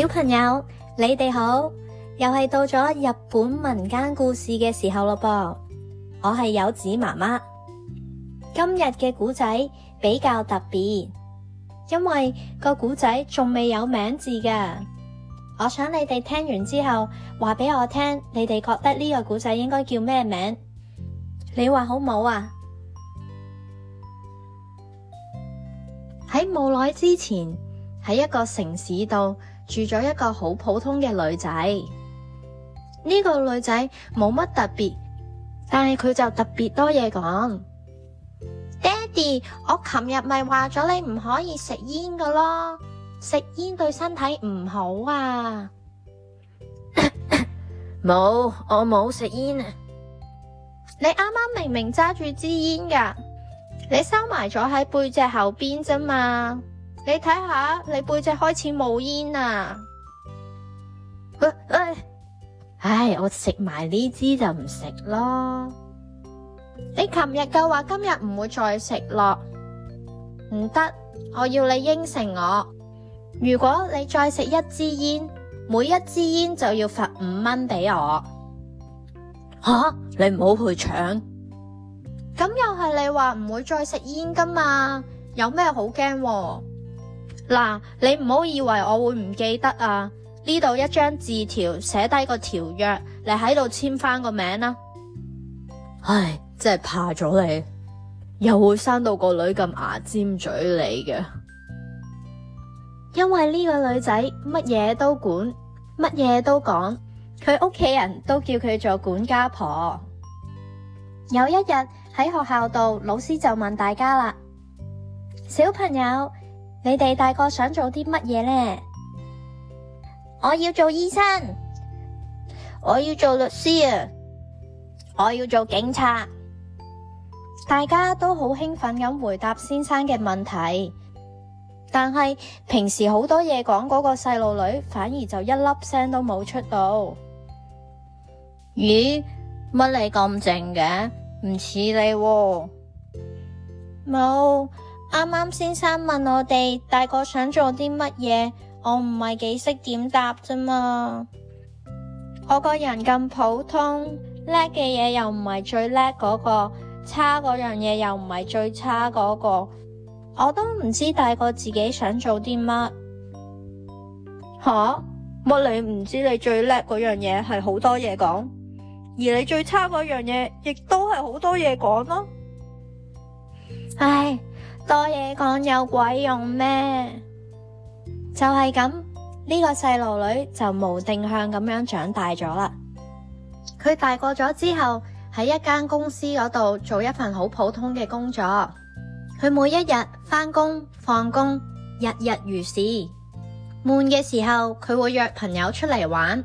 小朋友，你哋好，又係到咗日本民間故事嘅時候咯，噃，我係柚子媽媽。今日嘅古仔比較特別，因為個古仔仲未有名字噶。我想你哋聽完之後話俾我聽，你哋覺得呢個古仔應該叫咩名？你話好冇啊？喺冇耐之前，喺一個城市度。住咗一個好普通嘅女仔，呢個女仔冇乜特別，但係佢就特別多嘢講。爹哋，我琴日咪話咗你唔可以食煙噶咯，食煙對身體唔好啊。冇， 我冇食煙啊。你啱啱明明揸住支煙噶，你收埋咗喺背脊後邊咋嘛。你睇下，你背脊開始冒煙啊！唉， 唉，我食埋呢支就唔食咯。你琴日嘅話，今日唔會再食咯，唔得，我要你應承我。如果你再食一支煙，每一支煙就要罰五蚊俾我。吓、啊，你唔好去搶。咁又係你話唔會再食煙噶嘛？有咩好驚、啊？嗱，你唔好以為我會唔記得啊！呢度一張字條，寫低個條約，你喺度簽翻個名啦。唉，真係怕咗你，又會生到個女咁牙尖嘴利嘅。因為呢個女仔乜嘢都管，乜嘢都講，佢屋企人都叫佢做管家婆。有一日喺學校度，老師就問大家啦：小朋友。你哋大個想做啲乜嘢呢？我要做醫生，我要做律師啊，我要做警察。大家都好興奮咁回答先生嘅問題，但係平時好多嘢講嗰個細路女反而就一粒聲都冇出到。咦？乜你咁靜嘅？唔似你喎。哦。冇。啱啱先生問我哋大個想做啲乜嘢，我唔係幾識點答啫嘛。我個人咁普通，叻嘅嘢又唔係最叻嗰個，差嗰樣嘢又唔係最差嗰個，我都唔知大個自己想做啲乜。吓，乜你唔知你最叻嗰樣嘢係好多嘢講，而你最差嗰樣嘢亦都係好多嘢講咯。唉。多嘢講有鬼用咩？就係咁，呢個細路女就無定向咁樣長大咗啦。佢大過咗之後，喺一間公司嗰度做一份好普通嘅工作。佢每一日返工放工，日日如是。悶嘅時候，佢會約朋友出嚟玩。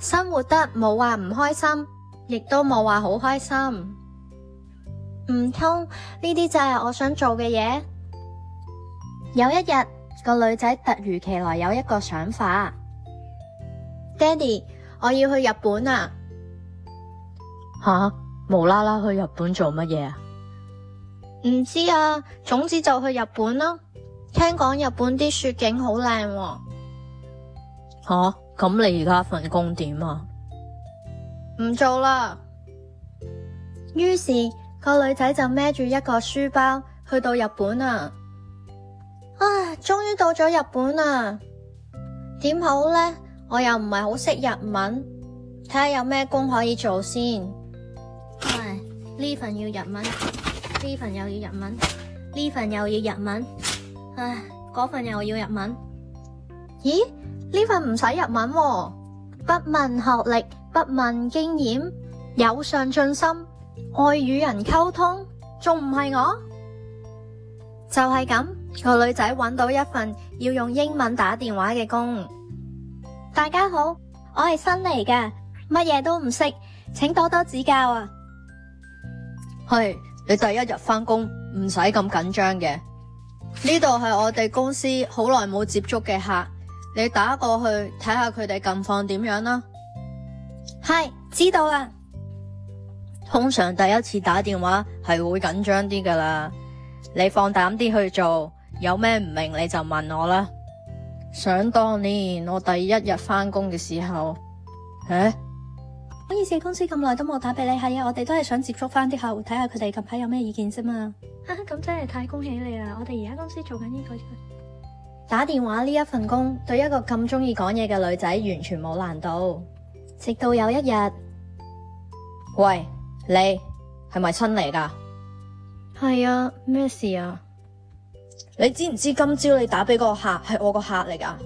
生活得冇話唔開心，亦都冇話好開心。唔通呢啲就係我想做嘅嘢？有一日，個女仔突如其來有一個想法：爹哋，我要去日本啦！吓，無啦啦去日本做乜嘢啊？唔知啊，總之就去日本啦。聽講日本啲雪景好靚喎。吓，咁你而家份工點啊？唔做啦。於是。個女仔就孭住一個書包去到日本啊！唉，終於到咗日本啦，啊，點好咧？我又唔係好識日文，睇下有咩工可以做先。唉，呢份要日文，呢份又要日文，呢份又要日文，唉，嗰份又要日文。咦？呢份唔使日文喎。哦，不問學歷，不問經驗，有上進心。愛與人溝通，仲唔係我？就係咁，個女仔揾到一份要用英文打電話嘅工。大家好，我係新嚟嘅，乜嘢都唔識，請多多指教啊。係，你第一日返工，唔使咁緊張嘅。呢度係我哋公司好耐冇接觸嘅客，你打過去睇下佢哋近況點樣啦。係，知道啦。通常第一次打電話係會緊張啲㗎喇，你放膽啲去做，有咩唔明你就問我啦。想當年我第一日返工嘅時候，誒、欸，唔好意思，公司咁耐都冇打俾你係啊，我哋都係想接觸翻啲客戶，睇下佢哋近排有咩意見啫嘛。咁 真係太恭喜你啦！我哋而家公司做緊呢個打電話呢一份工，對一個咁中意講嘢嘅女仔完全冇難度。直到有一日，喂。你係咪親嚟噶？係啊，咩事啊？你知唔知今朝你打俾嗰個客係我個客嚟噶？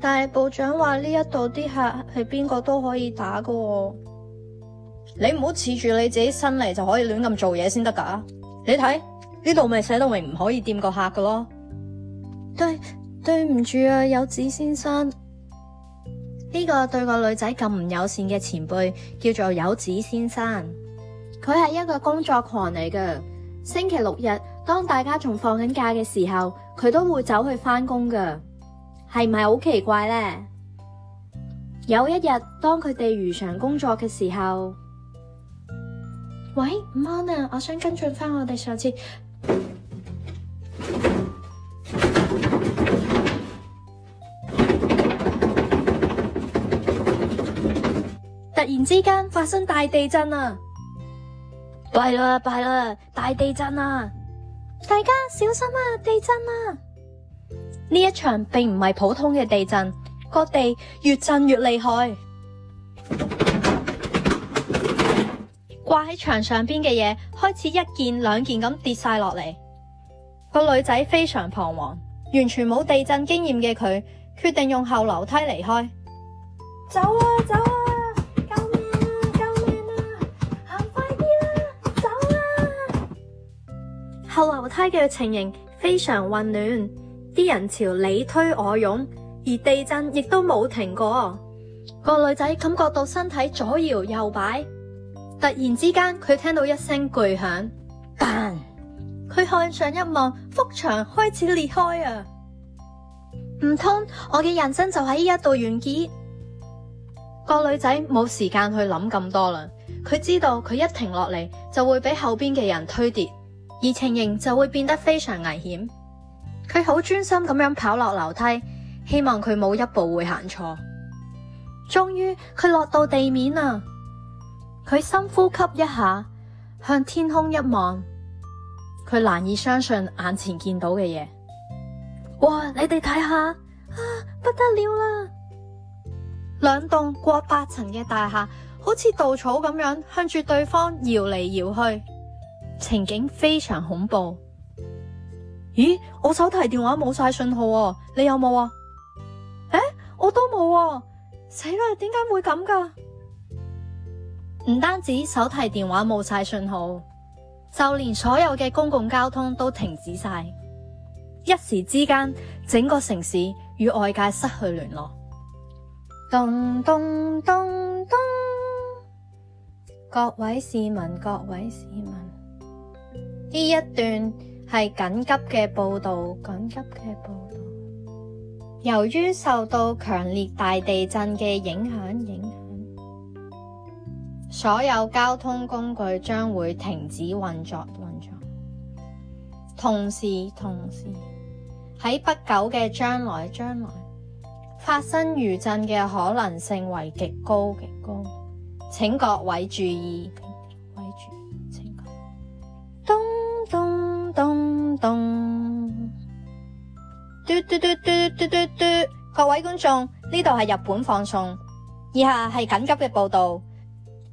但係部長話呢一度啲客係邊個都可以打噶喎。你唔好恃住你自己新嚟就可以亂咁做嘢先得噶。你睇呢度咪寫到明唔可以掂個客噶咯？對，對唔住啊，有子先生。呢個對個女仔咁唔友善嘅前輩叫做柚子先生，佢係一個工作狂嚟嘅。星期六日當大家仲放緊假嘅時候，佢都會走去翻工噶，係咪好奇怪呢？有一日當佢哋如常工作嘅時候，喂，Monna，我想跟進翻我哋上次。突然之間發生大地震啊！弊啦弊啦，大地震啊！大家小心啊！地震啊！呢一場並唔係普通嘅地震，各地越震越厲害。掛喺牆上邊嘅嘢開始一件兩件咁跌晒落嚟，個女仔非常彷徨，完全冇地震經驗嘅佢決定用後樓梯離開。走啊！走啊走啊！後樓梯嘅情形非常混亂，啲人潮你推我擁，而地震亦都冇停過。那個女仔感覺到身體左搖右擺，突然之間佢聽到一聲巨響，佢向上一望，幅牆開始裂開啊！唔通我嘅人生就喺呢一度完結？個女仔冇時間去諗咁多啦，佢知道佢一停落嚟就會俾後邊嘅人推跌。而情形就會變得非常危險。佢好專心咁樣跑落樓梯，希望佢冇一步會行錯。終於佢落到地面啦，佢深呼吸一下，向天空一望，佢難以相信眼前見到嘅嘢。哇！你哋睇下啊，不得了啦！兩棟過八層嘅大廈，好似稻草咁樣向住對方搖嚟搖去。情景非常恐怖。咦，我手提電話冇晒信號啊！你有冇啊？誒，我都冇啊！死啦，點解會咁㗎？唔單止手提電話冇晒信號，就連所有嘅公共交通都停止晒，一時之間整個城市與外界失去聯絡。咚咚咚咚咚，各位市民，各位市民。呢一段係緊急嘅報道。緊急嘅報道。由於受到強烈大地震嘅影響，影響所有交通工具將會停止運作。運作。同時，同時喺不久嘅將來，將來發生餘震嘅可能性為極高。極高，請各位注意。嘟嘟嘟嘟嘟各位觀眾，呢度係日本放送，以下係緊急嘅報道。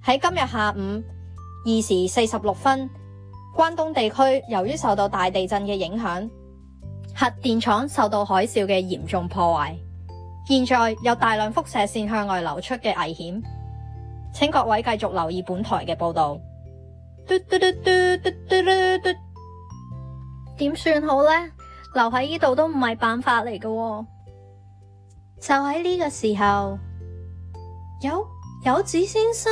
喺今日下午二時四十六分，關東地區由於受到大地震嘅影響，核電廠受到海嘯嘅嚴重破壞，現在有大量輻射線向外流出嘅危險，請各位繼續留意本台嘅報道。嘟嘟嘟嘟嘟嘟嘟，點算好呢？留喺呢度都唔係辦法嚟嘅、哦。就喺呢個時候，有柚子先生，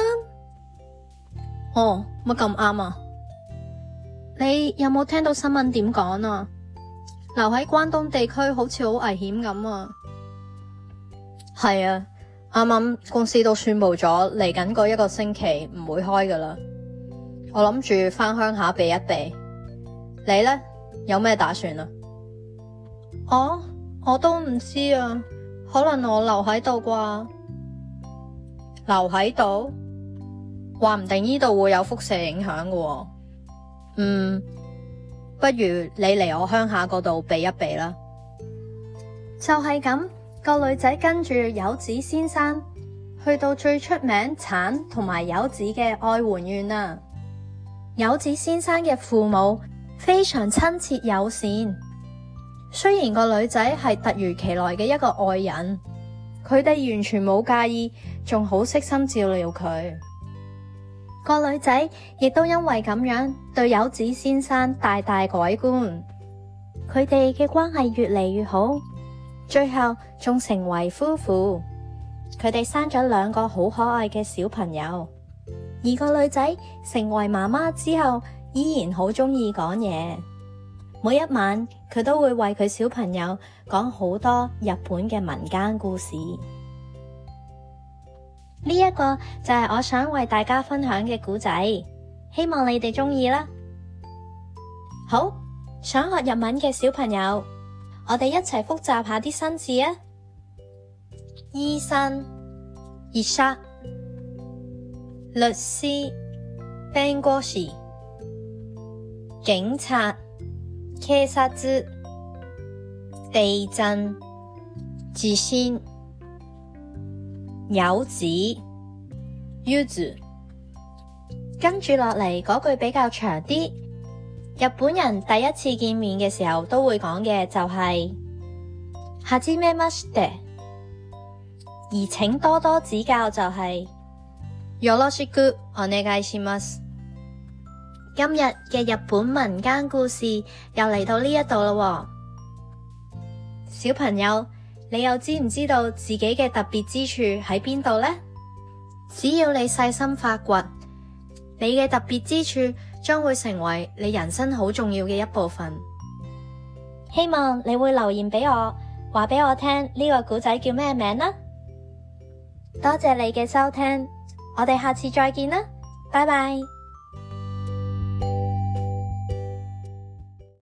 哦，乜咁啱啊？你有冇聽到新聞點講啊？留喺關東地區好似好危險咁啊。係啊，啱啱公司都宣布咗，嚟緊嗰一個星期唔會開噶啦。我諗住翻鄉下避一避。你咧有咩打算啊？哦，我都唔知啊，可能我留喺度啩，留喺度話唔定呢度會有輻射影響嘅。哦。嗯，不如你嚟我鄉下嗰度避一避啦。就係咁，個女仔跟住柚子先生去到最出名橙同埋柚子嘅愛媛縣啦。柚子先生嘅父母非常親切友善。雖然個女仔係突如其來嘅一個外人，佢哋完全冇介意，仲好悉心照料佢。個女仔亦都因為咁樣對柚子先生大大改觀，佢哋嘅關係越嚟越好，最後仲成為夫婦。佢哋生咗兩個好可愛嘅小朋友，而個女仔成為媽媽之後，依然好鍾意講嘢。每一晚，佢都會為佢小朋友講好多日本嘅民間故事。呢一個就係我想為大家分享嘅故仔，希望你哋中意啦。好，想學日文嘅小朋友，我哋一齊復習下啲新字啊！醫生、熱殺、律師、Bengoshi、警察。k 警察、地震、自先、柚子、Yuzu，跟住落嚟嗰句比較長啲。日本人第一次見面嘅時候都會講嘅就係はじめまして，而請多多指教就係、是、よろしくお願いします。今日嘅日本民間故事又嚟到呢一度喇喎，小朋友，你又知唔知道自己嘅特別之處喺邊度呢？只要你細心發掘，你嘅特別之處將會成為你人生好重要嘅一部分。希望你會留言俾我，話俾我聽呢個故仔叫咩名啦。多謝你嘅收聽，我哋下次再見啦，拜拜。